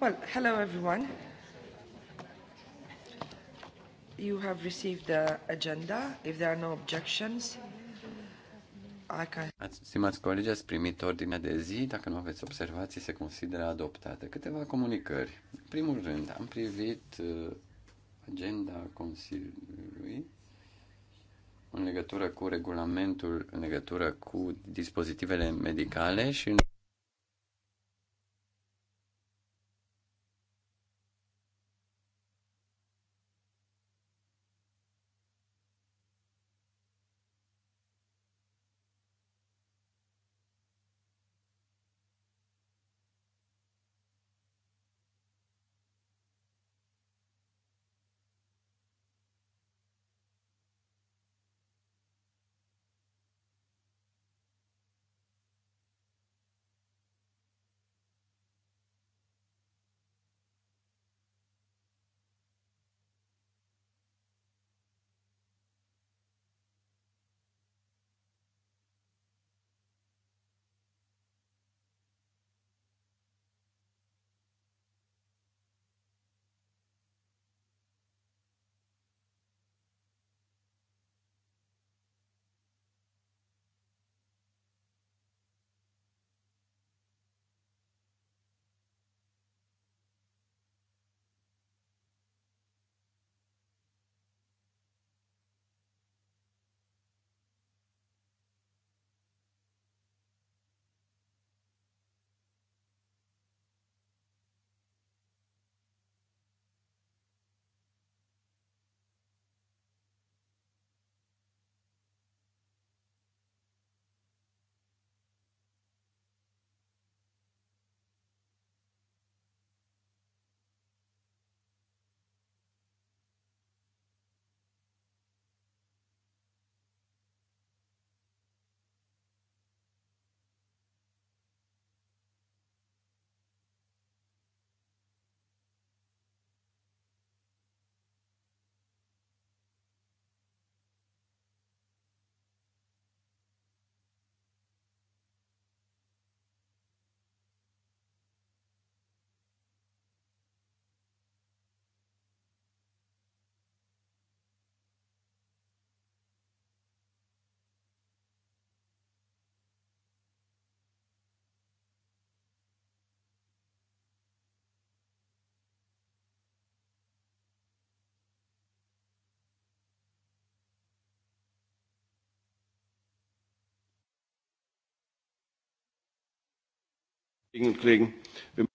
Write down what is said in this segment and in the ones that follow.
Well, hello everyone. You have received the agenda. If there are no objections, I can... Stimați colegi, ați primit ordinea de zi. Dacă nu aveți observații, se consideră adoptată. Câteva comunicări. În primul rând, am privit uh, agenda Consiliului în legătură cu regulamentul, în legătură cu dispozitivele medicale și în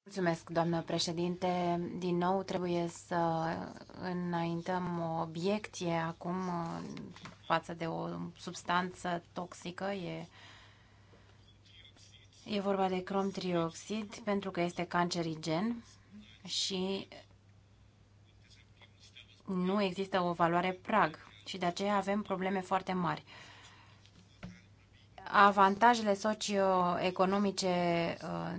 Mulțumesc, doamnă președinte. Din nou trebuie să înaintăm o obiecție acum uh, față de o substanță toxică. E, e vorba de trioxid pentru că este cancerigen și nu există o valoare prag și de aceea avem probleme foarte mari avantajele socioeconomice uh,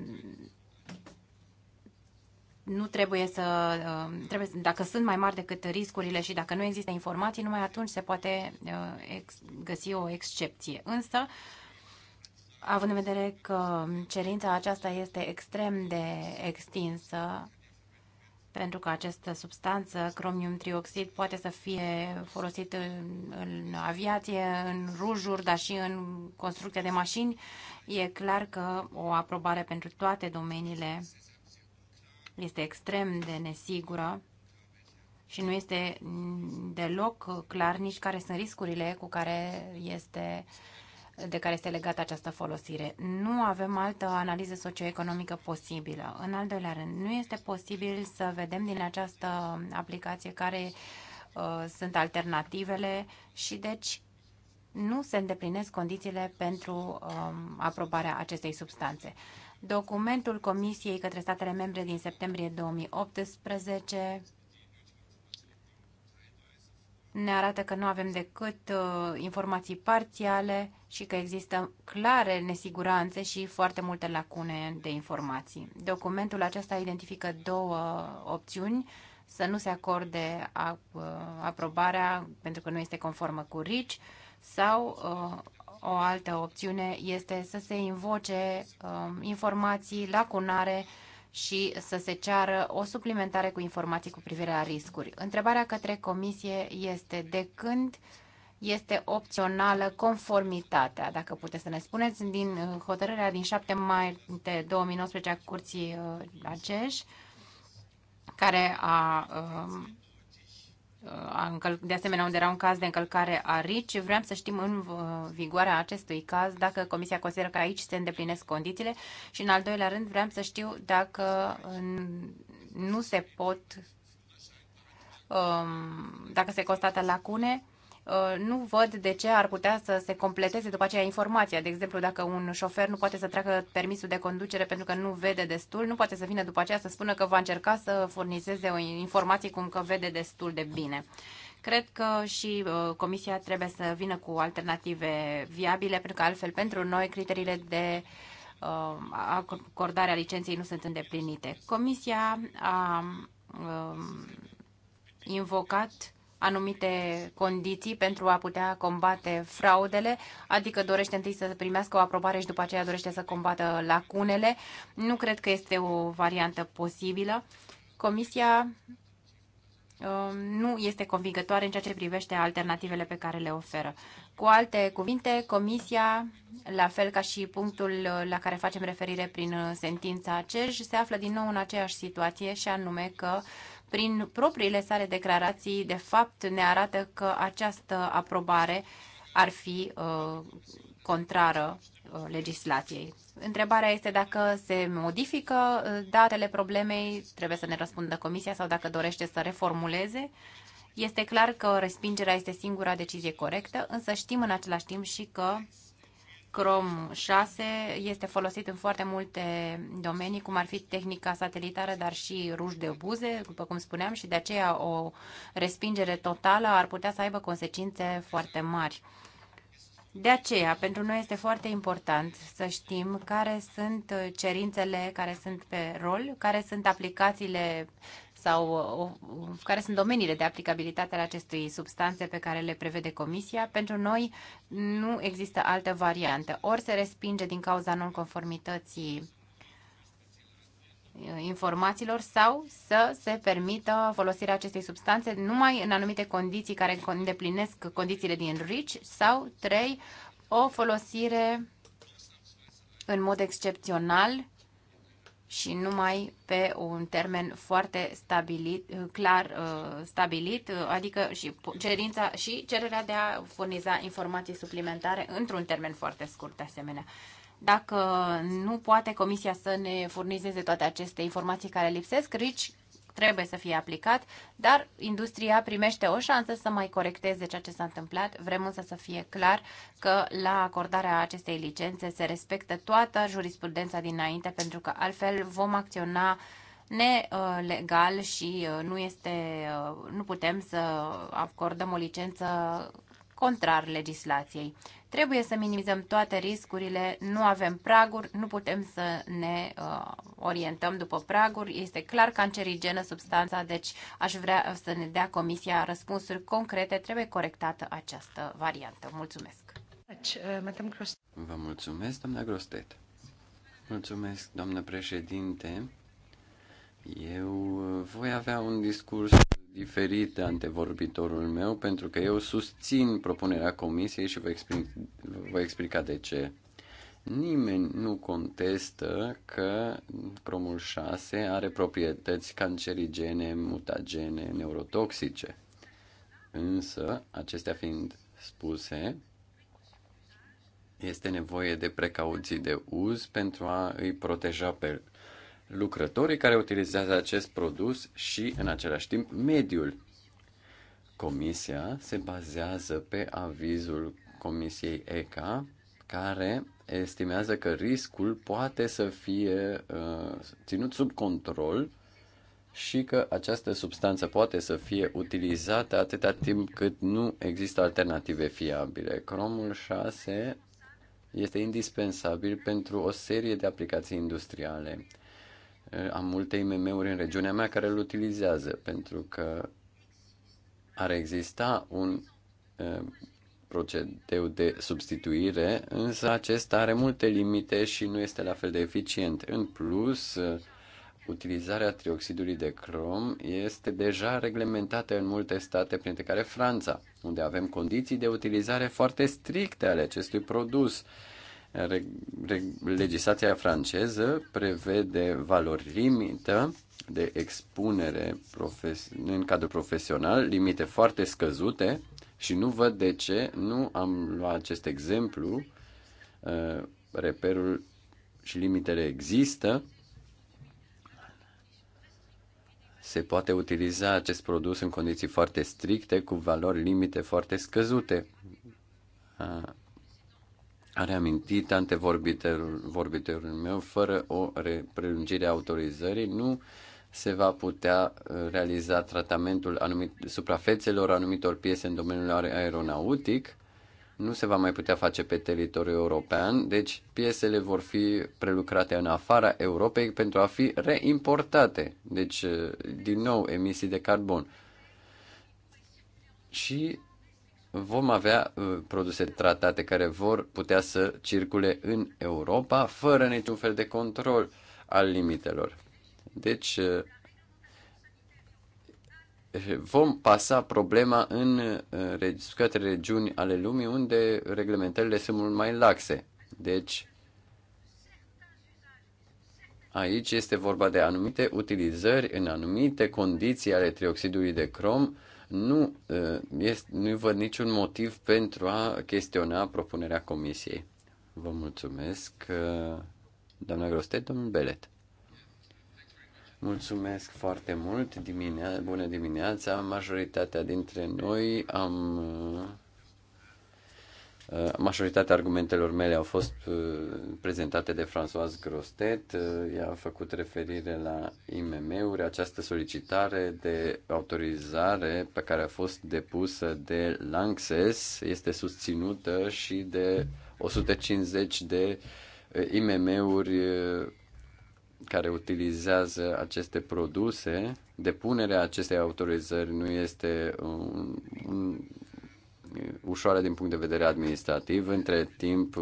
nu trebuie să, uh, trebuie, dacă sunt mai mari decât riscurile și dacă nu există informații, numai atunci se poate uh, găsi o excepție. Însă, având în vedere că cerința aceasta este extrem de extinsă, pentru că această substanță, cromium trioxid, poate să fie folosit în, în aviație, în rujuri, dar și în construcția de mașini. E clar că o aprobare pentru toate domeniile este extrem de nesigură și nu este deloc clar nici care sunt riscurile cu care este uh, de care este legată această folosire. Nu avem altă analiză socioeconomică posibilă. În al doilea rând, nu este posibil să vedem din această aplicație care uh, sunt alternativele și deci nu se îndeplinesc condițiile pentru um, aprobarea acestei substanțe. Documentul Comisiei către statele membre din septembrie 2018 ne arată că nu avem decât uh, informații parțiale și că există clare nesiguranțe și foarte multe lacune de informații. Documentul acesta identifică două opțiuni, să nu se acorde a, uh, aprobarea pentru că nu este conformă cu RICI sau uh, o altă opțiune este să se invoce uh, informații lacunare uh, și să se ceară o suplimentare cu informații cu privire la riscuri. Întrebarea către comisie este de când este opțională conformitatea, dacă puteți să ne spuneți, din uh, hotărârea din 7 mai de 2019 a Curții uh, Acești, care a um, de asemenea unde era un caz de încălcare a RICI. Vreau să știm în uh, vigoarea acestui caz dacă Comisia consideră că aici se îndeplinesc condițiile și în al doilea rând vreau să știu dacă nu se pot, um, dacă se constată lacune, Uh, nu văd de ce ar putea să se completeze după aceea informația. De exemplu, dacă un șofer nu poate să treacă permisul de conducere pentru că nu vede destul, nu poate să vină după aceea să spună că va încerca să furnizeze o informație cum că vede destul de bine. Cred că și uh, Comisia trebuie să vină cu alternative viabile, pentru că altfel pentru noi criteriile de uh, acordarea licenței nu sunt îndeplinite. Comisia a um, invocat anumite condiții pentru a putea combate fraudele, adică dorește întâi să primească o aprobare și după aceea dorește să combată lacunele. Nu cred că este o variantă posibilă. Comisia um, nu este convingătoare în ceea ce privește alternativele pe care le oferă. Cu alte cuvinte, Comisia, la fel ca și punctul la care facem referire prin sentința CEJ, se află din nou în aceeași situație și anume că prin propriile sale declarații, de fapt, ne arată că această aprobare ar fi uh, contrară uh, legislației. Întrebarea este dacă se modifică uh, datele problemei, trebuie să ne răspundă comisia sau dacă dorește să reformuleze. Este clar că respingerea este singura decizie corectă, însă știm în același timp și că Chrome 6 este folosit în foarte multe domenii, cum ar fi tehnica satelitară, dar și ruși de buze, după cum spuneam, și de aceea o respingere totală ar putea să aibă consecințe foarte mari. De aceea, pentru noi este foarte important să știm care sunt cerințele care sunt pe rol, care sunt aplicațiile sau uh, uh, care sunt domeniile de aplicabilitate ale acestui substanțe pe care le prevede Comisia, pentru noi nu există altă variantă. Ori se respinge din cauza nonconformității uh, informațiilor sau să se permită folosirea acestei substanțe numai în anumite condiții care îndeplinesc condițiile din RICH sau trei O folosire în mod excepțional și numai pe un termen foarte stabilit, uh, clar uh, stabilit, uh, adică și cerința și cererea de a furniza informații suplimentare într-un termen foarte scurt de asemenea. Dacă nu poate Comisia să ne furnizeze toate aceste informații care lipsesc, RICI trebuie să fie aplicat, dar industria primește o șansă să mai corecteze ceea ce s-a întâmplat. Vrem însă să fie clar că la acordarea acestei licențe se respectă toată jurisprudența dinainte, pentru că altfel vom acționa nelegal și uh, nu, este, uh, nu putem să acordăm o licență contrar legislației. Trebuie să minimizăm toate riscurile, nu avem praguri, nu putem să ne uh, orientăm după praguri. Este clar cancerigenă substanța, deci aș vrea să ne dea Comisia răspunsuri concrete. Trebuie corectată această variantă. Mulțumesc! Vă mulțumesc, doamna Grostet. Mulțumesc, doamnă președinte. Eu voi avea un discurs de antevorbitorul meu, pentru că eu susțin propunerea comisiei și vă explic, vă explica de ce. Nimeni nu contestă că promul 6 are proprietăți cancerigene, mutagene, neurotoxice. Însă, acestea fiind spuse, este nevoie de precauții de uz pentru a îi proteja pe lucrătorii care utilizează acest produs și, în același timp, mediul. Comisia se bazează pe avizul Comisiei ECA, care estimează că riscul poate să fie uh, ținut sub control și că această substanță poate să fie utilizată atâta timp cât nu există alternative fiabile. Cromul 6 este indispensabil pentru o serie de aplicații industriale am multe IMM-uri în regiunea mea care îl utilizează, pentru că ar exista un procedeu de substituire, însă acesta are multe limite și nu este la fel de eficient. În plus, utilizarea trioxidului de crom este deja reglementată în multe state, printre care Franța, unde avem condiții de utilizare foarte stricte ale acestui produs legislația franceză prevede valori limită de expunere în cadrul profesional, limite foarte scăzute și nu văd de ce nu am luat acest exemplu, uh, reperul și limitele există, se poate utiliza acest produs în condiții foarte stricte, cu valori limite foarte scăzute. Uh, a reamintit antevorbitorul vorbitorul meu, fără o prelungire a autorizării, nu se va putea uh, realiza tratamentul anumit, suprafețelor anumitor piese în domeniul aeronautic, nu se va mai putea face pe teritoriul european, deci piesele vor fi prelucrate în afara Europei pentru a fi reimportate, deci uh, din nou emisii de carbon. Și vom avea uh, produse tratate care vor putea să circule în Europa fără niciun fel de control al limitelor. Deci uh, vom pasa problema în uh, către regiuni ale lumii unde reglementările sunt mult mai laxe. Deci aici este vorba de anumite utilizări în anumite condiții ale trioxidului de crom nu, eh, este, nu văd niciun motiv pentru a chestiona propunerea comisiei. Vă mulțumesc, eh, doamna Grostet, domnul Belet. Mulțumesc foarte mult, dimine- bună dimineața, majoritatea dintre noi am eh, Uh, majoritatea argumentelor mele au fost uh, prezentate de François Grostet. Uh, ea a făcut referire la IMM-uri, această solicitare de autorizare pe care a fost depusă de Lanxess este susținută și de 150 de IMM-uri care utilizează aceste produse. Depunerea acestei autorizări nu este un, un ușoare din punct de vedere administrativ. Între timp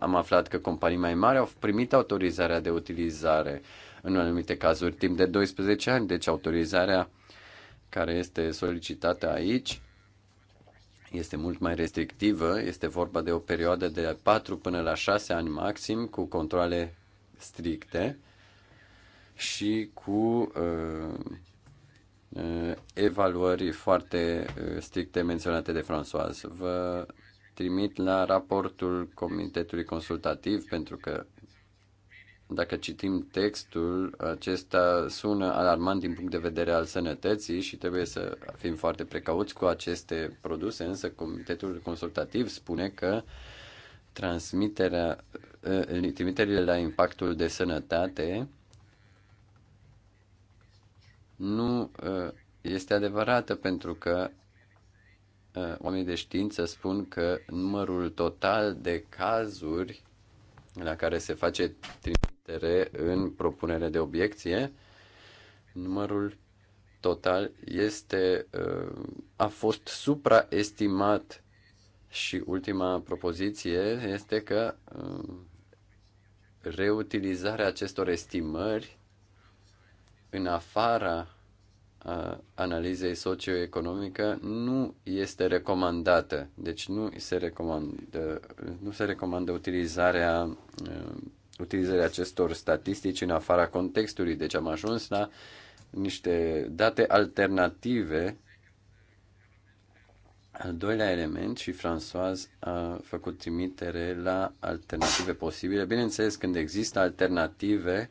am aflat că companii mai mari au primit autorizarea de utilizare în anumite cazuri timp de 12 ani, deci autorizarea care este solicitată aici este mult mai restrictivă, este vorba de o perioadă de 4 până la 6 ani maxim cu controle stricte și cu uh, Eh, evaluări foarte eh, stricte menționate de François. Vă trimit la raportul Comitetului Consultativ pentru că dacă citim textul, acesta sună alarmant din punct de vedere al sănătății și trebuie să fim foarte precauți cu aceste produse, însă Comitetul Consultativ spune că transmiterea, eh, trimiterile la impactul de sănătate nu uh, este adevărată pentru că uh, oamenii de știință spun că numărul total de cazuri la care se face trimitere în propunere de obiecție, numărul total este uh, a fost supraestimat și ultima propoziție este că reutilizarea acestor estimări în afara analizei socioeconomică nu este recomandată. Deci nu se recomandă, nu se recomandă utilizarea utilizarea acestor statistici în afara contextului. Deci am ajuns la niște date alternative. Al doilea element și François a făcut trimitere la alternative posibile. Bineînțeles, când există alternative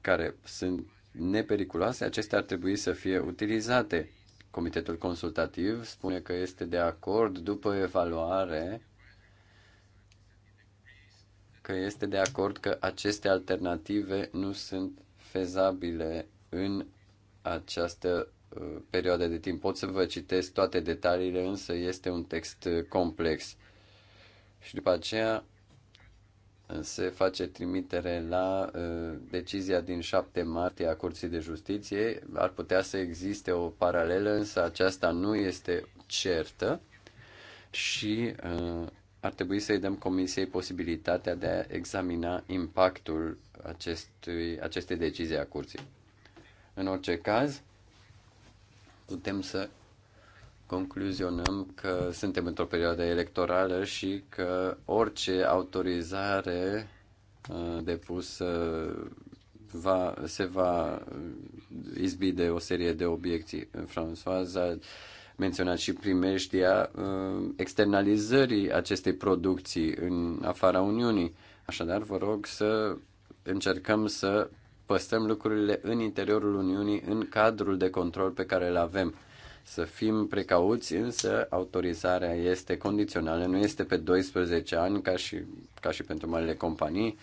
care sunt nepericuloase, acestea ar trebui să fie utilizate. Comitetul consultativ spune că este de acord după evaluare că este de acord că aceste alternative nu sunt fezabile în această uh, perioadă de timp. Pot să vă citesc toate detaliile, însă este un text uh, complex. Și după aceea se face trimitere la uh, decizia din 7 martie a Curții de Justiție. Ar putea să existe o paralelă, însă aceasta nu este certă și uh, ar trebui să-i dăm Comisiei posibilitatea de a examina impactul acestui, acestei decizii a Curții. În orice caz, putem să concluzionăm că suntem într-o perioadă electorală și că orice autorizare uh, depusă va, se va izbi de o serie de obiecții. François a menționat și primeștia uh, externalizării acestei producții în afara Uniunii. Așadar, vă rog să încercăm să păstrăm lucrurile în interiorul Uniunii, în cadrul de control pe care îl avem să fim precauți, însă autorizarea este condițională, nu este pe 12 ani ca și, ca și pentru marile companii.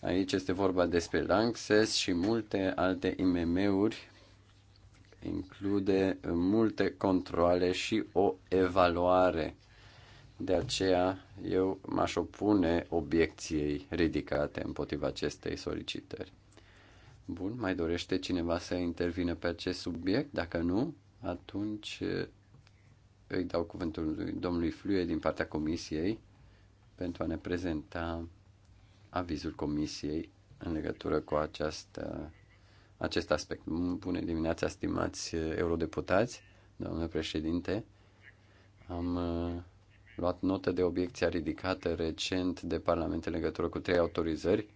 Aici este vorba despre Lanxess și multe alte IMM-uri include multe controle și o evaluare. De aceea eu m-aș opune obiecției ridicate împotriva acestei solicitări. Bun, mai dorește cineva să intervină pe acest subiect? Dacă nu, atunci îi dau cuvântul lui domnului Fluie din partea comisiei pentru a ne prezenta avizul comisiei în legătură cu această, acest aspect. Bună dimineața, stimați eurodeputați, domnule președinte. Am luat notă de obiecția ridicată recent de Parlament în legătură cu trei autorizări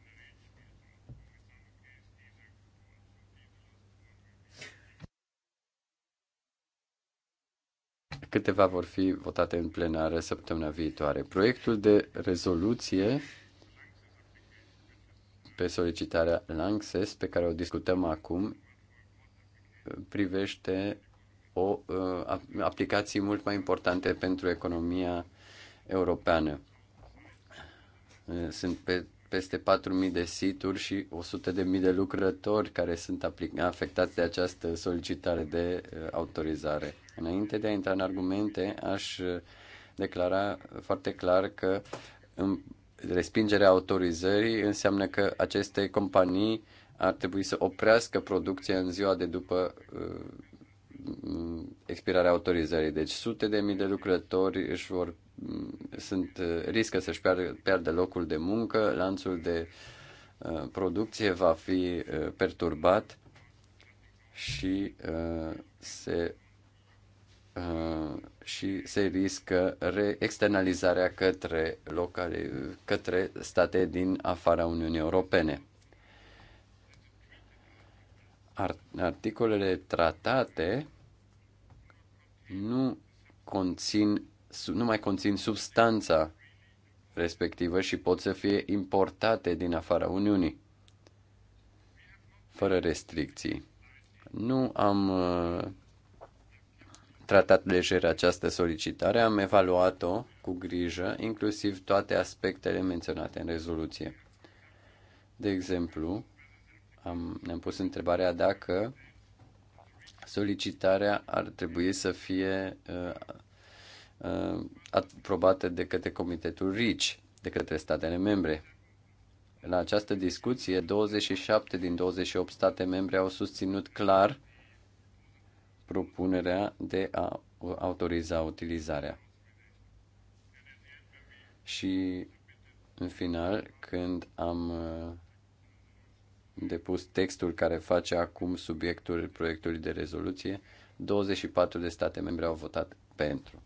Câteva vor fi votate în plenară săptămâna viitoare. Proiectul de rezoluție pe solicitarea Lanxes, pe care o discutăm acum, privește o uh, aplicații mult mai importante pentru economia europeană. Ă, sunt pe, peste 4.000 de situri și 100.000 de lucrători care sunt afectați de această solicitare de ă, autorizare. Înainte de a intra în argumente, aș uh, declara foarte clar că um, respingerea autorizării înseamnă că aceste companii ar trebui să oprească producția în ziua de după uh, expirarea autorizării. Deci sute de mii de lucrători își vor, um, sunt, uh, riscă să-și piardă locul de muncă, lanțul de producție va fi perturbat și se Uh, și se riscă externalizarea către, locale, către state din afara Uniunii Europene. Articolele tratate nu conțin nu mai conțin substanța respectivă și pot să fie importate din afara Uniunii, fără restricții. Nu am uh, tratat lejer această solicitare, am evaluat-o cu grijă, inclusiv toate aspectele menționate în rezoluție. De exemplu, am, ne-am pus întrebarea dacă solicitarea ar trebui să fie uh, uh, aprobată de către Comitetul RICI, de către statele membre. La această discuție, 27 din 28 state membre au susținut clar propunerea de a autoriza utilizarea. Și în final, când am uh, depus textul care face acum subiectul proiectului de rezoluție, 24 de state membre au votat pentru.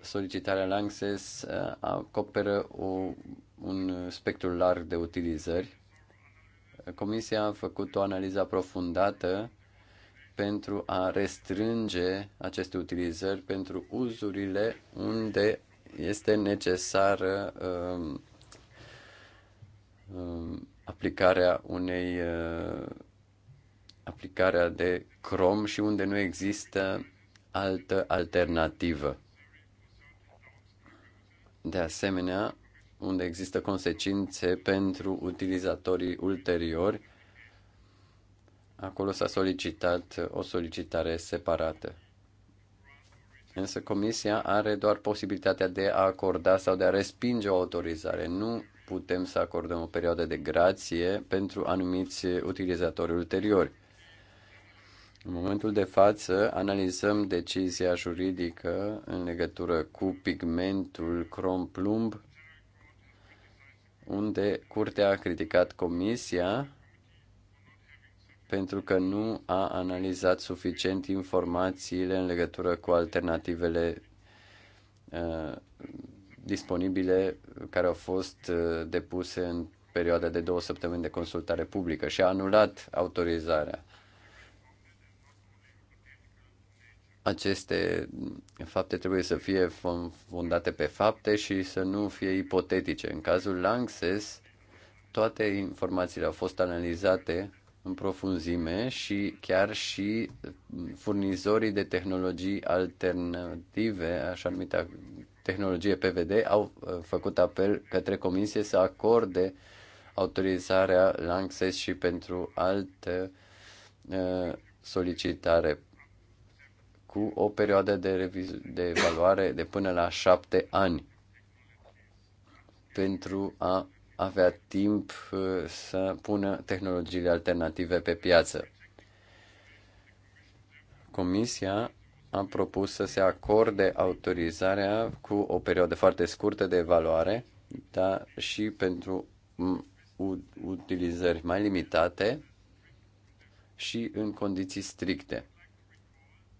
Solicitarea Lanxess uh, acoperă o, un spectru larg de utilizări Comisia a făcut o analiză aprofundată pentru a restrânge aceste utilizări pentru uzurile unde este necesară um, um, aplicarea unei uh, aplicarea de Chrome și unde nu există altă alternativă. De asemenea, unde există consecințe pentru utilizatorii ulteriori. Acolo s-a solicitat o solicitare separată. Însă comisia are doar posibilitatea de a acorda sau de a respinge o autorizare. Nu putem să acordăm o perioadă de grație pentru anumiți utilizatori ulteriori. În momentul de față analizăm decizia juridică în legătură cu pigmentul crom plumb unde curtea a criticat comisia pentru că nu a analizat suficient informațiile în legătură cu alternativele uh, disponibile care au fost uh, depuse în perioada de două săptămâni de consultare publică și a anulat autorizarea. aceste fapte trebuie să fie fondate pe fapte și să nu fie ipotetice. În cazul Langses, toate informațiile au fost analizate în profunzime și chiar și furnizorii de tehnologii alternative, așa numită tehnologie PVD, au uh, făcut apel către comisie să acorde autorizarea Langses și pentru alte uh, solicitare cu o perioadă de, de evaluare de până la șapte ani pentru a avea timp uh, să pună tehnologiile alternative pe piață. Comisia a propus să se acorde autorizarea cu o perioadă foarte scurtă de evaluare, dar și pentru utilizări mai limitate și în condiții stricte.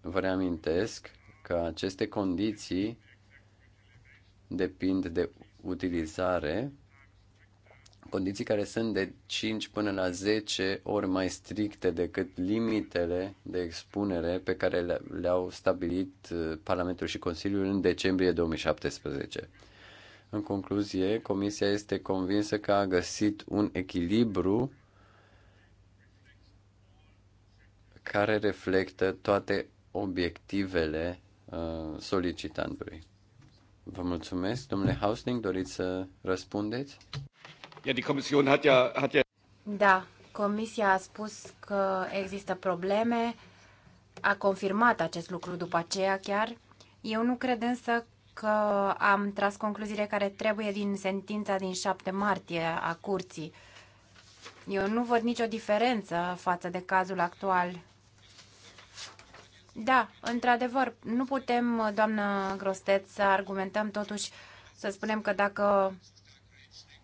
Vă reamintesc că aceste condiții depind de utilizare, condiții care sunt de 5 până la 10 ori mai stricte decât limitele de expunere pe care le-au stabilit uh, Parlamentul și Consiliul în decembrie 2017. În concluzie, Comisia este convinsă că a găsit un echilibru care reflectă toate obiectivele uh, solicitantului. Vă mulțumesc. Domnule Hausling, doriți să răspundeți? Ja, die Kommission hat ja, hat ja... Da, Comisia a spus că există probleme, a confirmat acest lucru după aceea chiar. Eu nu cred însă că am tras concluziile care trebuie din sentința din 7 martie a curții. Eu nu văd nicio diferență față de cazul actual da, într-adevăr, nu putem, doamnă Grosteț, să argumentăm totuși, să spunem că dacă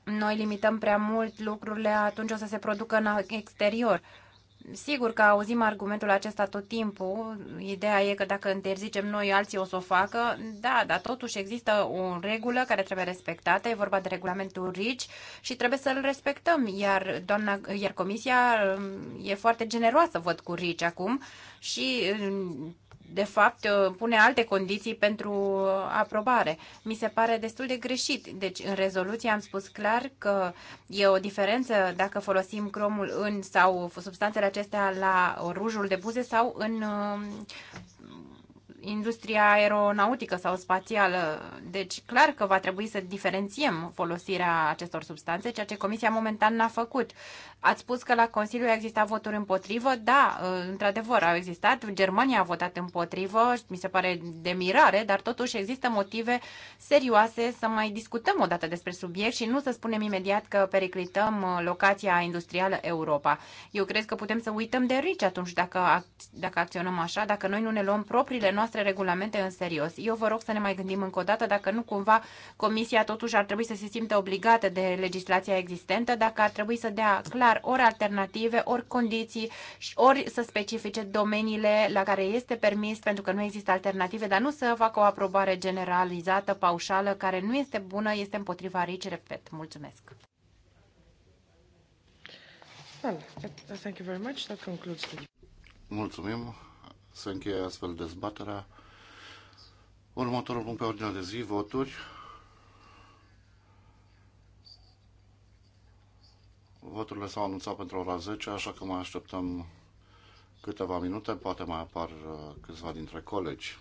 noi limităm prea mult lucrurile, atunci o să se producă în exterior. Sigur că auzim argumentul acesta tot timpul. Ideea e că dacă interzicem noi, alții o să o facă. Da, dar totuși există o regulă care trebuie respectată. E vorba de regulamentul RICI și trebuie să-l respectăm. Iar, doamna, iar comisia mm, e foarte generoasă, văd, cu RICI acum și mm, de fapt, uh, pune alte condiții pentru uh, aprobare. Mi se pare destul de greșit. Deci, în rezoluție am spus clar că e o diferență dacă folosim cromul în sau substanțele acestea la rujul de buze sau în uh, industria aeronautică sau spațială. Deci, clar că va trebui să diferențiem folosirea acestor substanțe, ceea ce Comisia momentan n-a făcut. Ați spus că la Consiliu a existat voturi împotrivă. Da, într-adevăr, au existat. Germania a votat împotrivă, mi se pare de mirare, dar totuși există motive serioase să mai discutăm o dată despre subiect și nu să spunem imediat că periclităm locația industrială Europa. Eu cred că putem să uităm de RICI atunci dacă, dacă acționăm așa, dacă noi nu ne luăm propriile noastre noastre regulamente în serios. Eu vă rog să ne mai gândim încă o dată dacă nu cumva Comisia totuși ar trebui să se simtă obligată de legislația existentă, dacă ar trebui să dea clar ori alternative, ori condiții, ori să specifice domeniile la care este permis, pentru că nu există alternative, dar nu să facă o aprobare generalizată, paușală, care nu este bună, este împotriva aici, repet. Mulțumesc! Well, thank you very much. That concludes the... Mulțumim. Să încheie astfel dezbaterea. Următorul punct pe ordinea de zi, voturi. Voturile s-au anunțat pentru ora 10, așa că mai așteptăm câteva minute, poate mai apar uh, câțiva dintre colegi.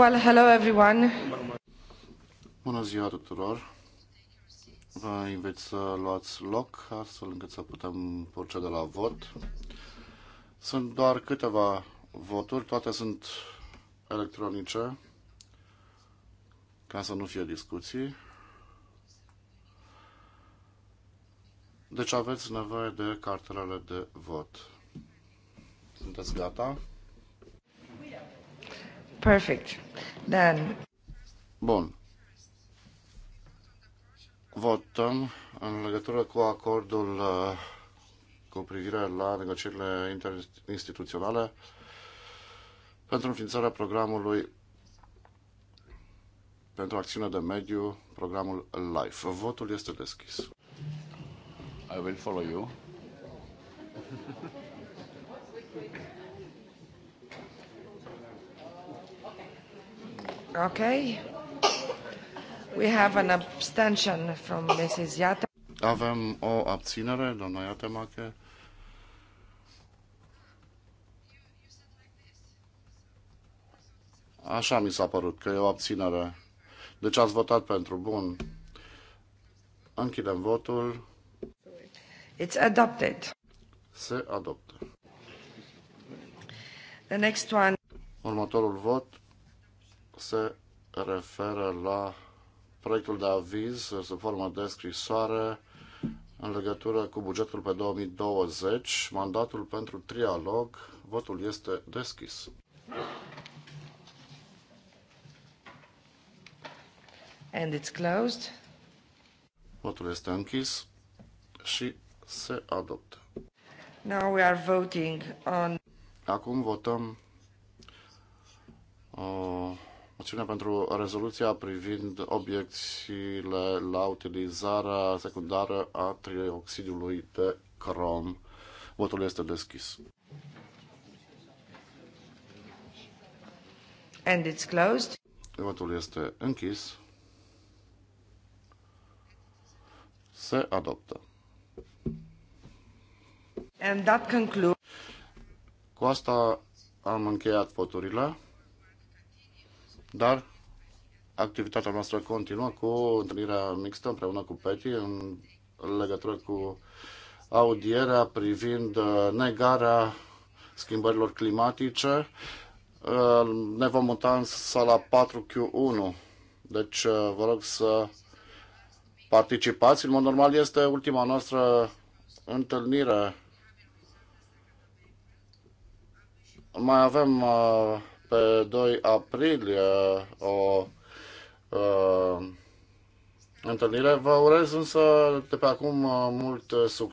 Well, hello everyone. Bună ziua tuturor. Vă invit să luați loc astfel încât să putem proceda la vot. Sunt doar câteva voturi, toate sunt electronice, ca să nu fie discuții. Deci aveți nevoie de cartelele de vot. Sunteți gata? Perfect. Then... Bun. Votăm în legătură cu acordul uh, cu privire la negocierile interinstituționale pentru înființarea programului pentru acțiune de mediu, programul LIFE. Votul este deschis. I will follow you. Okay. We have an abstention from Mrs. Yata. Avem o abținere, doamna Iatemache. Așa mi s-a părut, că e o abținere. Deci ați votat pentru. Bun. Închidem votul. It's adopted. Se adoptă. The next one. Următorul vot se referă la proiectul de aviz sub formă de scrisoare în legătură cu bugetul pe 2020, mandatul pentru trialog, votul este deschis. And it's closed. Votul este închis și se adoptă. Now we are voting on... Acum votăm uh, acțiune pentru rezoluția privind obiecțiile la utilizarea secundară a trioxidului de crom. Votul este deschis. And it's closed. Votul este închis. Se adoptă. And that concludes. Cu asta am încheiat voturile. Dar activitatea noastră continuă cu întâlnirea mixtă împreună cu PETI în legătură cu audierea privind uh, negarea schimbărilor climatice. Uh, ne vom muta în sala 4Q1. Deci uh, vă rog să participați. În mod normal este ultima noastră întâlnire. Mai avem pe 2 aprilie uh, o uh, întâlnire. Vă urez însă de pe acum uh, mult uh, succes.